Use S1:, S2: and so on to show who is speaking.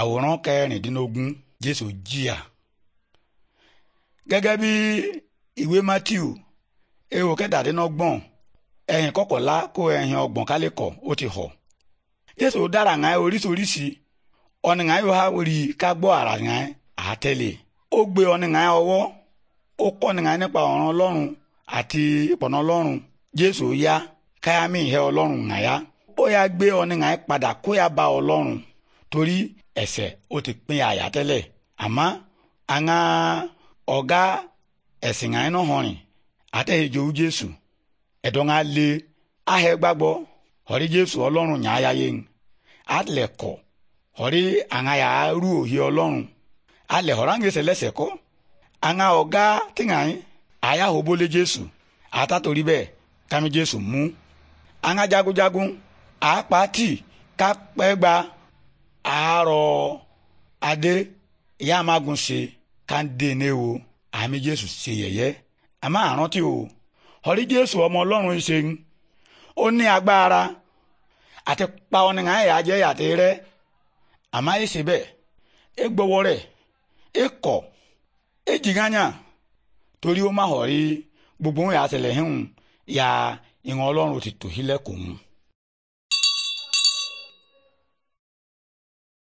S1: àwòrán kẹrìndínlógún jésù jìyà gẹ́gẹ́ bí ìwé matthew ewo kẹtàdínlọ́gbọ̀n ẹ̀yìn kọkànlá kó ẹ̀yìn ọgbọ̀n kálíkọ̀ ó ti họ jésù dára ŋa oríṣiríṣi ọ̀nì ŋa yóò ha rí ká gbọ́ ara ŋa àtẹ̀lẹ̀ ó gbé ọwọ́ ó kọ́ nípa ọ̀ràn ọlọ́run àti ìpọ̀nà ọlọ́run jésù yá káyámì ìhẹ́ ọlọ́run yá ó gbé padà kó bá ọlọ́run ese ó ti pín àyà tẹ́lẹ̀ àmọ́ àwọn ọ̀gá ẹ̀sìn àyìn náà hàn rìn àtẹ̀yẹjọ jésù ẹ̀dọ́ ńlá lé ahẹ́ gbàgbọ́ ọ̀rí jésù ọlọ́run yàn áyá yẹn àlẹ̀ ọ̀rí àwọn àyà rú òye ọlọ́run àlẹ̀ ọ̀rá lẹ́sẹ̀ kọ́ àwọn ọ̀gá tìǹyàn àyà òbólé jésù àtàtòrí bẹ́ẹ̀ jésù mú àwọn jagunjagun àpàtì kápẹ́ gba àárọ̀ adé ìyá amagun ṣe káńdé ní o àmì jésù ṣe yẹ̀yẹ́ àmọ́ àrántí o ọrí jésù ọmọ ọlọ́run ṣe ń ó ní agbára àti pa ọ́ nìkan ẹ̀yà jẹ́ àti rẹ́ àmọ́ ẹ̀ ṣe bẹ́ẹ̀ ẹ̀ gbọ́wọ́ rẹ̀ ẹ̀ kọ̀ ẹ̀ jìgányà torí ó má họ̀ rí gbogbo ń yà àtẹlẹ́hìn ya ìran ọlọ́run ti tò í lẹ́kùn-ún.